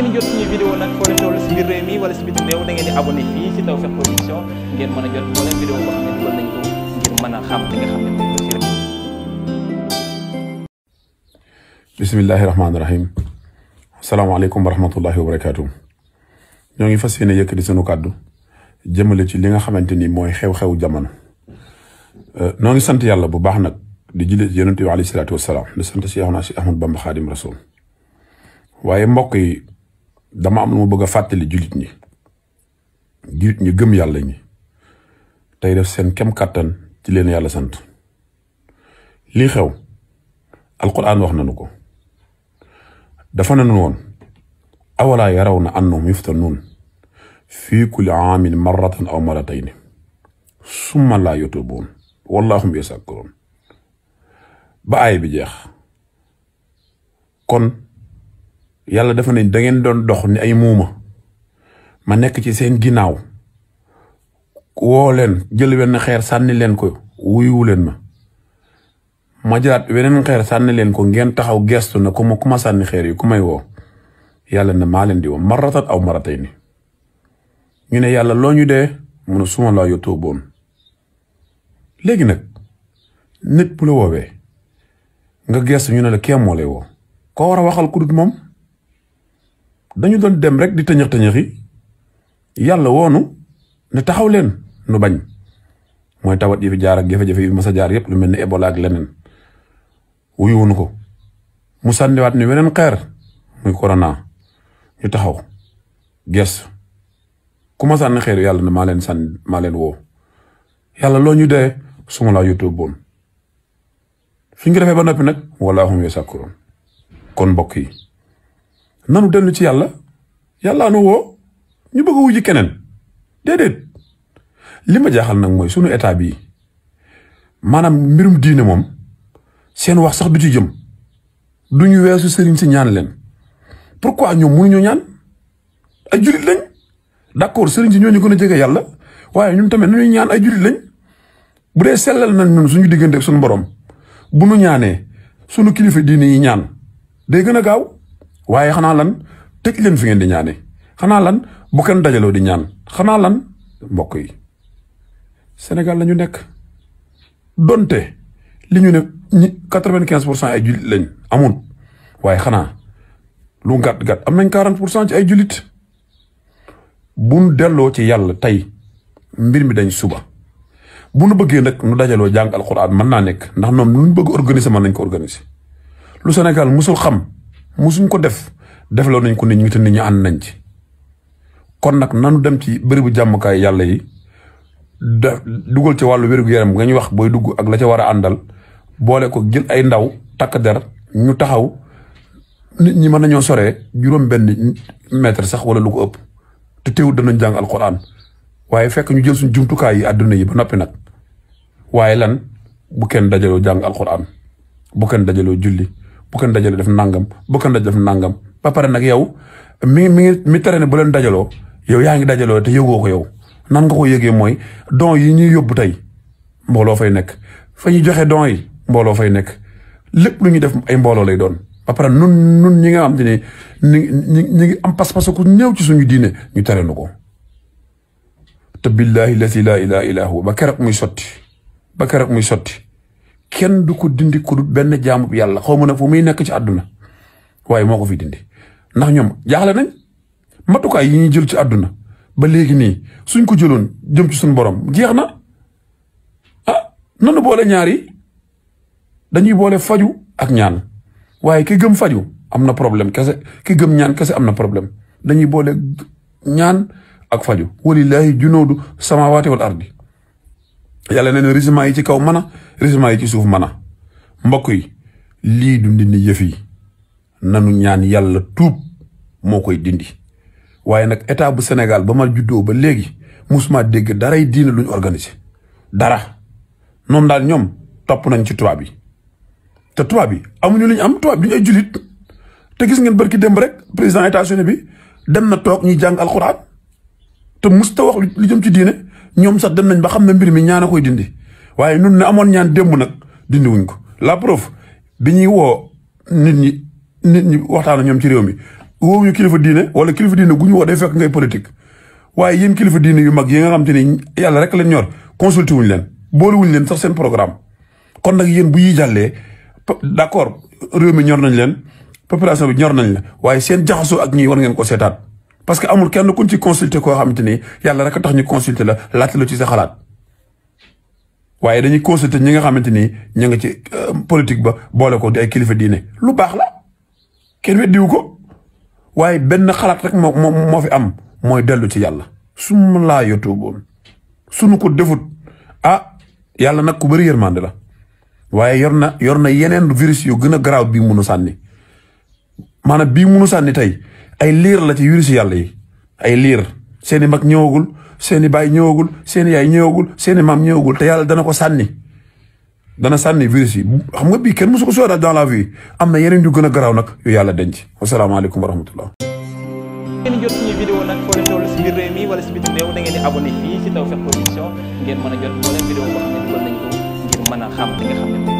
ngeen jot suñu vidéo nag foo leen toll si biir réew mi di ngi fas yéene yëkkati sunu kàddu jëmale ci li nga xamante ni mooy xew-xew jamono. Euh, noo ngi sant yàlla bu baax nag di jëlee ci yonent bi alayhi salaatu wa salaam di sant Seexuna Si Ahmadu Bamba Xaadim Rasuul waaye mbokk dama am lu ma bëgg a fàttali jullit ñi jullit ñi gëm yàlla ñi tey def seen kem kàttan ci leen yàlla sant lii xew alquran wax nañu ko dafa nañu woon awalaa yaraw na annahum yuftanuun fii kulli aamin marratan aw marratayni summa laa yatuubuun wallaahum yasakkuroon ba aay bi jeex kon yàlla dafa ne dangeen doon dox ni ay muuma ma nekk ci seen ginnaaw woo leen jël wenn xeer sànni leen ko wuyuwu leen ma ma jëlaat weneen xeer sànni leen ko ngeen taxaw gestu na ku ma ku ma sànni xeer yi ku may woo yàlla ne maa leen di woo maratat aw maratay ni ñu ne yàlla loo ñu dee mu ne suma laa yottoo boon léegi nag nit bu la woowee nga gestu ñu ne la kee moo lay woo koo war a waxal ku moom dañu doon dem rek di tëñëx tëñëxi yàlla woonu ne taxaw leen nu bañ mooy tawat yi fi jaar ak jafe-jafe yi fi mas a jaar yëpp lu mel ni Ebola ak leneen wuyuwuñu ko mu sànniwaat ni weneen xeer muy corona ñu taxaw ges ku ma sànni xeer yàlla na maa leen sànni maa leen woo yàlla loo ñu dee su ma laa yottoo boon fi ñu defee ba noppi nag wallaahu yasakkuroon kon mbokk yi. nanu dellu ci yàlla yàllaa nu woo ñu bëgg a wujji keneen déedéet li ma jaaxal nag mooy sunu état bii maanaam mbirum diine moom seen wax sax du ci jëm du ñu weesu sëriñ si ñaan leen pourquoi ñoom mënuñu ñaan ay jullit lañ d'accord sëriñ si ñoo ñu gën a yàlla waaye ñun tamit nañuy ñaan ay jullit lañ bu dee sellal nañ ñun suñu diggante ak suñu borom bu nu ñaanee sunu kilifa diine yi ñaan day gën a gaaw. waaye xanaa lan tëj leen fi ngeen di ñaane xanaa lan bu kenn dajaloo di ñaan xanaa lan mbokk yi Sénégal la ñu nekk donte li ñu ne ñi quatre-vingt-quinze pour cent ay jullit lañ amul waaye xanaa lu gàtt gàtt am nañ quarante pour cent ci ay julit buñ delloo ci yàlla tey mbir mi dañ suba bu nu bëggee nag nu dajaloo jàng alxuraan mën naa nekk ndax ñoom nu ñu bëgg organiser mën nañ ko organiser lu Sénégal musul xam. musuñ ko def defloo nañ ko nit ñi te nit ñi ànd nañ ci kon nag nanu dem ci bërëbu jàmmukaay yàlla yi da dugal ci wàllu wér-gu-yaram nga ñu wax booy dugg ak la ca war a àndal boole ko jël ay ndaw takk der ñu taxaw nit ñi mën nañoo soree juróom benn sax wala lu ko ëpp te teewul danañ jàng alquran waaye fekk ñu jël suñ jumtukaay yi àdduna yi ba noppi nag waaye lan bu kenn dajaloo jàng alquran bu kenn dajaloo julli bu kenn dajale def nangam bu kenn dajale def nangam ba pare nag yow mi mi mi tere ne bu leen dajaloo yow yaa ngi dajaloo te yëgoo ko yow nanga nga ko yëgee mooy don yi ñuy yóbbu tey booloo fay nekk fa ñuy joxe don yi mbooloo fay nekk lépp lu ñuy def ay mbooloo lay doon. ba pare nun nun ñi nga xam te ne ñi ñi ngi am pas-pas ku néew ci suñu diine ñu tere nu ko te billaahi la ilaha illa huwa ba keroog muy sotti ba keroog muy sotti. kenn du ko dindi ku benn jaamu yàlla xaw ma ne fu muy nekk ci adduna waaye moo ko fi dindi ndax ñoom jaaxle nañ matukaay yi ñuy jël ci adduna ba léegi nii suñ ko jëloon jëm ci suñ borom jeex na ah nanu boole ñaari yi dañuy boole faju ak ñaan waaye ki gëm faju am na problème kese ki gëm ñaan kese am na problème dañuy boole ñaan ak faju walillahi junoodu samaawaati wal ardi yàlla nee na régiment yi ci kaw man a régiment yi ci suuf mën a mbokk yi lii du dindi yëf yi nanu ñaan yàlla tuub moo koy dindi waaye nag état bu Sénégal ba ma juddoo ba léegi musuma dégg daray diine luñ organisé dara noon daal ñoom topp nañ ci tubaab yi te tubaab yi amuñu luñ am tubaab duñu ay julit te gis ngeen bërki démb rek président état bi dem na toog ñuy jàng alxuraan te musta wax lu jëm ci diine ñoom sax dem nañ ba xam ne mbir mi ñaan a koy dindi waaye nun ne amoon ñaan démb nag dindi wuñ ko la preuve bi ñuy woo nit ñi nit ñi waxtaan ñoom ci réew mi ñu kilifa diine wala kilifa diine gu ñu woo day fekk ngay politique waaye yéen kilifa diine yu mag yi nga xam te ni yàlla rek leen ñor consulté wuñ leen boole leen sax seen programme kon nag yéen bu yi jàllee d' accord réew mi ñor nañ leen population bi ñor nañ la waaye seen jaxasoo ak ñi war ngeen ko seetaat parce que amul kenn kuñ ci consulter koo xamante ni yàlla rek tax ñu consulter la laajte la ci sa xalaat waaye dañuy consulter ñi nga xamante ni ñu nga ci euh, politique ba boole ko di ay kilifa diine lu baax la kenn diw ko waaye benn xalaat rek moo fi am mooy dellu ci yàlla su ma laa yotooboon suñu ko defut ah yàlla nag ku bëri yërmande la waaye yor na yor na yeneen virus yoo gën a garaaw bii munu sànni maanaam bii munu sànni tey ay liir la ci wirusu yàlla yi ay liir seeni i mag ñëwagul seen baay ñëwagul seen i yaay ñëwagul seen i maam ñëwagul te yàlla dana ko sànni dana sànni virus yi xam nga bii kenn mësu ko sóoraal dans la am na yeneen yu gën a garaaw nag yu yàlla denc wasalaamaaleykum wa rahmatullah ngeen jot suñu vidéo nag si biir réew mi wala si bitim réew da ngeen di si Tawfekh Production ngeen mën a jot moo leen vidéo boo xam ne dugal nañ ko ngir mën a xam li xam